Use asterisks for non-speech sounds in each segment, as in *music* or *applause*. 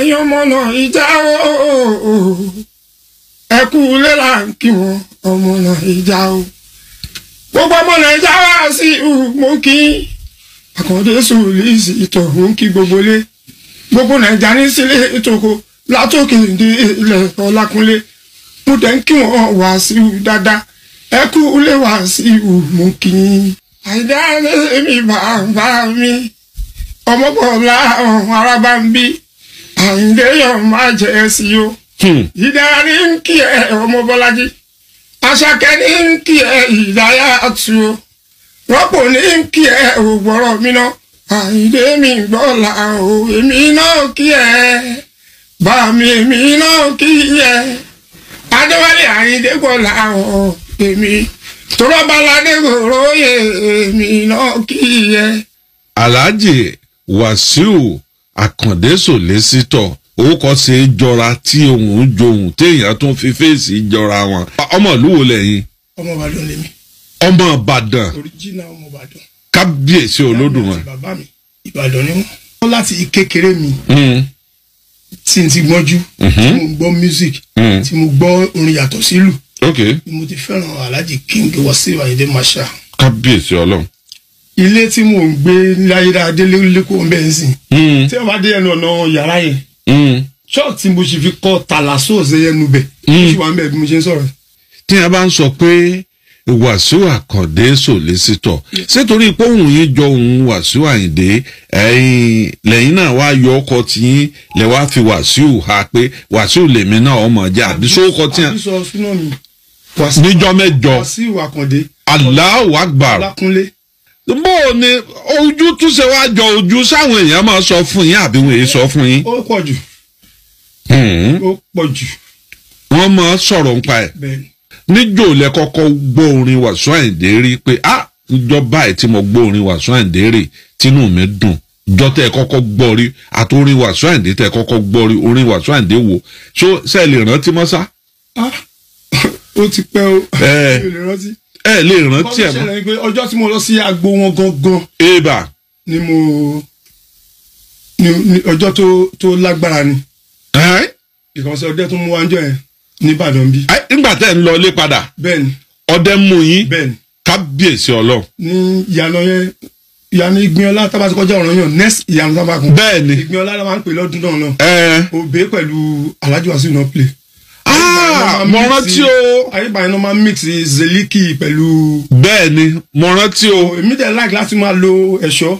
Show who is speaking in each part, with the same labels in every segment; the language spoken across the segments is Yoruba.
Speaker 1: ẹ̀yin ọmọ náà ìjà o ẹ kú lẹ́la kí wọn ọmọ ìjà o gbogbo ọmọ nàìjà wá sí mọ́kì àkàndé gbogbo lé gbogbo nàìjà ní sílé ìtòkò látòkè dé ilẹ̀ ọlákúnlé kí wọn wá sí u dáadáa wá sí u àìdá bàbá mi ọmọ bọ̀ àyíndéyọ̀ má jẹ́ sí o ìdarí ń kí ẹ ọmọ bọ́lájí aṣákẹ́ ní ń kí ẹ ìdáyà àtú o rọ́pò ní ẹ mi náà àyíndé mi gbọ́ là o èmi náà kí ẹ bá mi èmi náà kí ẹ adéwálé emi, gbọ́ là o èmi tọ́lọ́baládé gòrò yẹ èmi náà ẹ. E.
Speaker 2: Alhaji Wasiu àkàndé sòlẹ́sítọ̀ orúkọ ṣe é jọra tí òun johun téèyàn tún fi fèsì jọra wọn. ọmọ ìlú wo lẹ́yìn.
Speaker 1: ọmọ ìbàdàn lèmi.
Speaker 2: ọmọ ìbàdàn.
Speaker 1: oríjìnà ọmọ ìbàdàn.
Speaker 2: kábíyèsí olódùmarè. bàbá mi ìbàdàn ni wọn láti kékeré mi hmm.
Speaker 1: tí n ti gbọ́njú mhm. tí mo gbọ́ music hmm. tí mo gbọ́ orin yàtọ̀ sílù. ok mo ti fẹ́ràn alhaji king wasiu ayinde marshal.
Speaker 2: kábíyèsí ọlọ́run
Speaker 1: ilé tí mò ń gbé láyédáadé lẹ́kọ̀ọ́ bẹ́ẹ̀ sìn hmm. tí wọ́n bá dé ẹnu ọ̀nà yàrá yẹn hmm. church tí mo sì fi kọ́ tàlàsó ṣe ẹnu bẹ̀ mo hmm. sì wà ń bẹ̀ bí mo ṣe ń sọ̀rọ̀.
Speaker 2: tí a bá ń sọ pé wàsíù àkàndé sòlẹ́sítọ̀ sétorí pé òun yìí jọ òun wàsíù àyìndé ẹ̀yìn lẹ́yìn náà wá yọ ọkọ tiyín lẹ́ wá fi wàsíù ha pé wàsíù lèmi náà ọmọ jẹ́ àbí sókọ tí a níjọ́ mẹ́jọ Aláhu Akbar. Lákúnlé bó ni ojú tún ṣe wá jọ ojú sáwọn èèyàn máa sọ fún yín àbí wọn èyí sọ fún yín. ó pọ̀ jù. Hmm. ó pọ̀ jù. wọ́n máa sọ̀rọ̀ nípa ẹ̀ níjó lẹ kọ́kọ́ gbọ́ orin Wasiu Ayinde rí pé a ìjọba ẹ̀ tí mo gbọ́ orin Wasiu Ayinde rí tínú mi dùn jọ tẹ kọ́kọ́ gbọ́ rí àti orin Wasiu Ayinde tẹ kọ́kọ́ gbọ́ rí orin Wasiu Ayinde wo so ṣe lè rántí mọ́sá.
Speaker 1: Ah, *laughs* ó ti pẹ́ o ṣe lè rántí ẹ lè rántí ẹ mọ. ọjọ́ tí mo lọ sí agbo wọn gangan. eba. ni mo ni ọjọ́ tó tó lágbára
Speaker 2: ni. ìkànsẹ́ ọdẹ tó mú wa jọ yẹn nìbàdàn bí. nígbà tẹ́ ń lọ ilé padà. bẹ́ẹ̀ni. ọdẹ mú yín. bẹ́ẹ̀ni. kábíyèsí ọlọ́run.
Speaker 1: ní ìyànà yẹn ìyànà ìgbìyànlá tábà ti kọjá ọ̀ràn yàn next ìyànà tábà kún. bẹ́ẹ̀ni. ìgbìyànlá la máa ń pè lọ́dún náà náà. òbí pẹ̀lú alájọ àsìnà play.
Speaker 2: Ah! mo
Speaker 1: rántí o. ayíbáyé náà máa ń mix zeliki pẹ̀lú. bẹ́ẹ̀ni mo rántí o. èmi dẹ̀ láì láti máa lo ẹ̀ṣọ́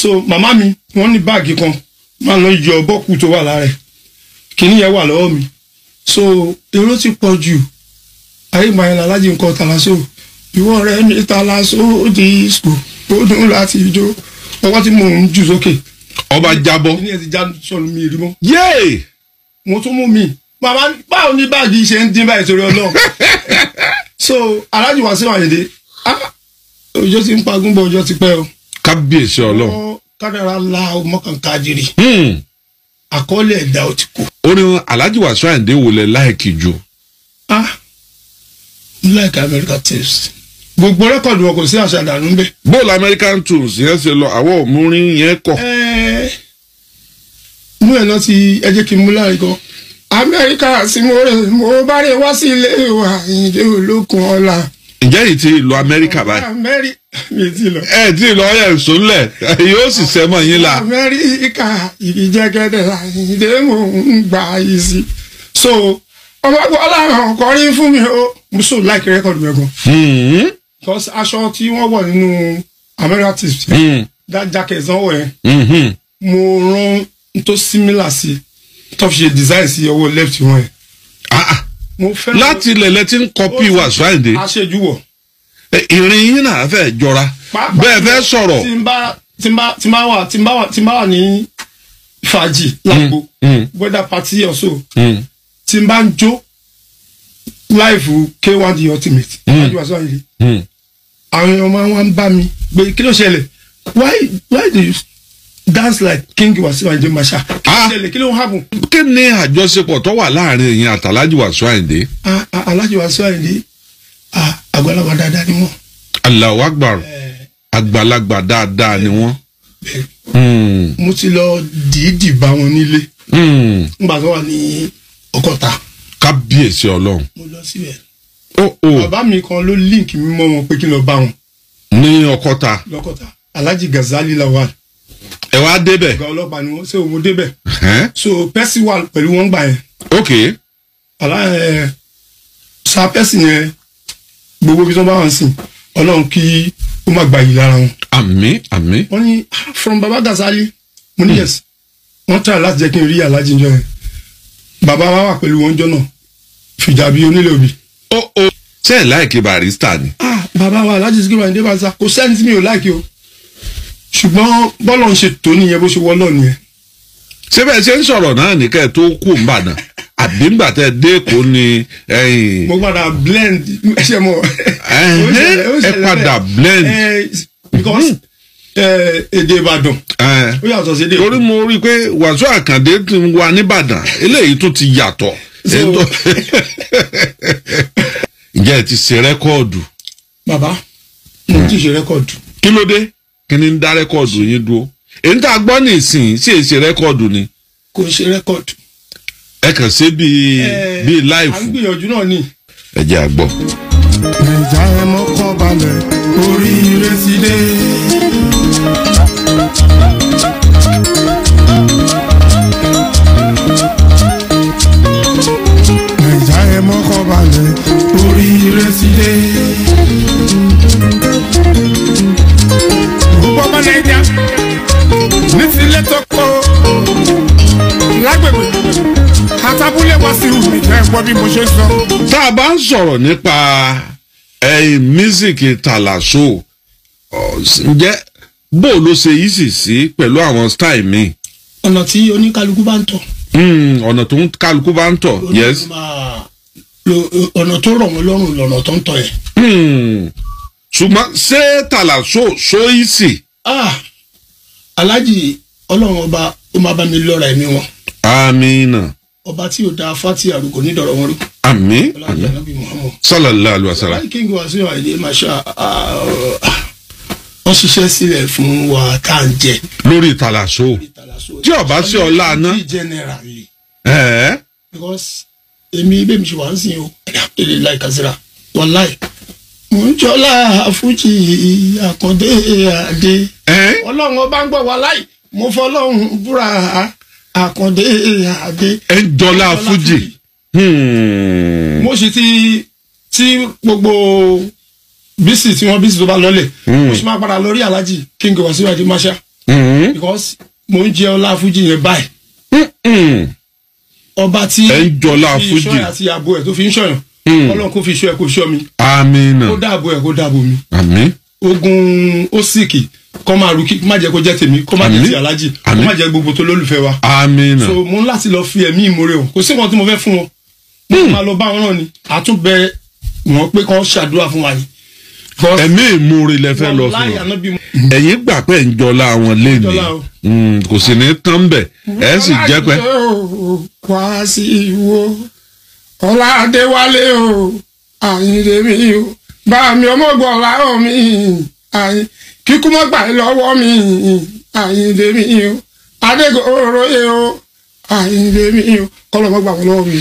Speaker 1: so màmá mi wọ́n ní báàgì kan máa lọ yọ bọ́ọ̀kù tó wà lára ẹ̀ kìíní yẹn wà lọ́wọ́ mi so èrò ti pọ̀ jù ayíbáyé làlájì nǹkan tàlásó ìwọ rẹ so tàlásó di sùkò ó dún láti ijó ọwọ́ tí mò ń jù sókè. ọba jábọ́. kìíní ẹ ti já sọnù mi rí mọ́. yéè. mo tún mú mi màmá báwo ni báàgì ṣe ń dín báyìí torí ọlọ́run *laughs* so aláàjì wá sí wàyẹ̀dẹ́ ọjọ́ ti ń pagún bọ̀ ọjọ́ ti pẹ́ o.
Speaker 2: kábíyèsí ọlọ́run. kádàrá la ọmọkànká jírí. Hmm. àkọọ́lẹ̀ ẹ̀dá ó ti kú. orin aláàjì wá sí wàyẹ̀dẹ́ wò lẹ láìkì jù. ah like American tapes gbogbo rẹ́kọ̀dù wọn kò sí àṣà ìdànù ńbẹ. bóòlù American tools. yẹn ṣe lọ àwọn òmùrin yẹn kọ. ẹ eh, ẹ mú ẹ lọ sí
Speaker 1: ẹ jẹ́ kí n mú láàrin gan amẹ́ríkà sí mo rè mo bá rè wá sí ilé wa ìdè
Speaker 2: olókun ọ̀la. ǹjẹ́ yìí ti lọ amẹ́ríkà
Speaker 1: báyìí.
Speaker 2: mi ti lọ. ẹ ti lọ ọyẹ ìsúnlẹ̀ yóò sì sẹ́mọ̀ yín la.
Speaker 1: amẹ́ríkà ìjẹ́gẹ́dẹ́ ìdè mò ń gba yìí sí. so ọmọ gbọ́dọ̀ àwọn ọkọrin fún mi o mo so like record mi gan. Hmm. because aṣọ tí wọ́n wọ̀ nínú amẹ́ríkà tips hmm. that jacket sanwó yẹn hmm. mo rán tó similar sí i
Speaker 2: tó fi ṣe design sí ọwọ́ left wọn ẹ̀ ah, ah. mo fẹ́ràn láti ilẹ̀ lẹ ti ń kọpí wa Sunday aṣejúwọ̀ ìrìn yín náà fẹ́ jọra bẹ́ẹ̀ fẹ́ sọ̀rọ̀
Speaker 1: tí n bá wà tí n bá wà tí n bá wà ní fàájì lágbo mm, mm. weather party also mm. tí n bá ń jó láìfù K1 the ultimate lájú àṣọ àyè àwọn èèyàn máa wá ń bá mi pé kí ló ṣẹlẹ̀ why why do you dance like King Wasiu Ayinde Marshal
Speaker 2: Ah. kí ló ń hàbùn. kí ni àjọṣepọ̀ tó wà láàrin èyàn àtàlájì Wasiu Àyìndé.
Speaker 1: alájì Wasiu Àyìndé àgbàlagbà dáadáa ni wọ́n.
Speaker 2: Allahu Akbar eh. àgbàlagbà dáadáa ni eh, wọ́n. Hmm. mo ti lọ dìídì bá wọn nílé. Hmm.
Speaker 1: nígbà tó wà ní ọkọta.
Speaker 2: kábíyèsí Ọlọ́run.
Speaker 1: mo lọ síbẹ̀. bàbá mi kan ló líǹkì mi mọ́ wọn pé kí n lọ bá wọn.
Speaker 2: ní ọkọta.
Speaker 1: lọkọta Alhaji Gazali Lawal ẹ wá débẹ̀. ọ̀gá ọlọ́pàá ni wọ́n ṣe òun débẹ̀. so pẹ́sì wà pẹ̀lú wọn gbà yẹn. ok. àlá ẹ sa pẹ́sì yẹn gbogbo bí wọ́n bá wọn sìn ọlọ́run kí ó má gbà yìí lára wọn.
Speaker 2: àmì àmì.
Speaker 1: wọ́n ní ah, from baba Gazali mo ní hmm. yẹsì wọ́n tẹ̀ láti jẹ́ kí n rí alájí
Speaker 2: njọ́ yẹn bàbá wa wà pẹ̀lú wọn jọ náà fìjàbí onílé òbí. ó oh, ó oh. ṣe é láìkí barista ni.
Speaker 1: ah Baba wa alájí sikiru ayinde bá ń sa kò sẹ́ni tí mi ò láìkí o
Speaker 2: ṣùgbọ́n bọ́lọ̀ ń ṣe tó nìyẹn bó ṣe wọ́lọ́ nìyẹn. ṣé bẹ́ẹ̀ ṣe ń sọ̀rọ̀ náà nìkẹ́ tó kú ìbàdàn àbí ńgbà tẹ dé èkó ni. mo padà blend ṣe mo. ẹ padà blend. because hmm. èdè ìbàdàn. ó yàtọ̀ sí èdè. torí mo rí i pé wàásù àkàndé ti wà nìbàdàn eléyìí tún ti yàtọ̀. *laughs* ǹjẹ́ ẹ ti ṣe rẹ́kọ̀dù. bàbá mo ti ṣe rẹ́kọ̀dù. kí ló dé kí ni ń dá rẹ́kọ̀dù yín dúró èyí tá a gbọ́ ní ìsìn sí èsì rẹ́kọ̀dù ni. kò ń ṣe rẹ́kọ̀dù. ẹ kàn ṣe bíi bíi láìfù. à ń
Speaker 1: gbìyànjú náà ni.
Speaker 2: ẹ jẹ́ àgbọ̀. nàìjíríà mọ́kàn.
Speaker 1: ní tilé tó kọ́ lágbègbè àtàbúlé wá sí ìlú mi ẹ gbọ́ bí mo ṣe sọ.
Speaker 2: tá a bá ń sọ̀rọ̀ nípa ẹyin mísìkì tàlàṣó ǹjẹ́ bó ló ṣe yí sì sí pẹ̀lú àwọn style mi.
Speaker 1: ọ̀nà tí oníkálukú bá ń tọ̀.
Speaker 2: Hmm, ọ̀nà tó ń kálukú bá ń tọ̀ yes.
Speaker 1: Eh, ọ̀nà tó rọ̀ wọ́n lọ́rùn lọ́nà tó ń tọ̀ yẹn.
Speaker 2: Hmm, ṣùgbọ́n ṣé tàlàṣó ṣó yí sì.
Speaker 1: ah alájì ọlọ́run ọba ó máa bá mi lọ́ra ẹ̀mí wọn. na ọba tí ò da fati àrùkò nídọ̀rọ̀ wọn rú.
Speaker 2: àmín àmín sọlọlá alùwàsàlà. ọlá
Speaker 1: ìkéǹgì wàásù àìdè máa ṣá wọ́n ṣiṣẹ́ sílẹ̀ fún wa tá à ń jẹ. lórí ìtàlàsó tí ọba sí ọlá aná. because èmi bẹ́ẹ̀ mi ṣe wà ń sìn o èlé láì kásìrà wọ́n mùjọ́lá àfújì àkàndé àdé ọlọ́run ọba ń gbọ́ wa láì mo fọlọ́run búra àkàndé
Speaker 2: àdé. ẹ ń jọlá fújì. Hmm. mo
Speaker 1: sì ti tí gbogbo bísí tí wọ́n bísí tó bá lọ́lẹ̀ hmm. mo sì máa padà lórí aláàjì kí n gbé síwájú máṣá hmm. because mo ń jẹ ọlá fújì yẹn báyìí
Speaker 2: ọba tí ìṣọ́ àti
Speaker 1: àbò ẹ̀ tó fi ń ṣọ̀yàn. Hmm. ọlọ́run kò fi ṣọ́ ẹ kò
Speaker 2: ṣọ́ mi àmín kó dáàbò ẹ kó dáàbò mi àmín
Speaker 1: ogun osiki kọ́ máa ru kí má jẹ́ kó jẹ́ tèmi kó má jẹ́ ti alájì kó má jẹ́ gbogbo tó lólùfẹ́ wa
Speaker 2: àmín so
Speaker 1: mo ń láti lọ fi ẹ̀mí ìmoore hàn kò sí nǹkan tí mo fẹ́ fún wọn mo hmm. máa lọ bá wọn náà ni àtúnbẹ
Speaker 2: wọn pé kàn ṣàdúrà fún wa ni ẹ̀mí ìmoore lẹ fẹ́ lọ fún wọn hmm. ẹ̀yin gbà pé ń jọlá wọn léèní kò sì ní tán bẹ̀ ẹ̀ sì jẹ́ pẹ́.
Speaker 1: ọlá adéwálé o àyìnrèmí o bá mi ọmọgbọ̀nlá omi àyìn kíkú mọ́ gbà lọ́wọ́
Speaker 2: mi àyìnrèmí o adégoro e o àyìnrèmí o kọ́lọ́ mọ́ mi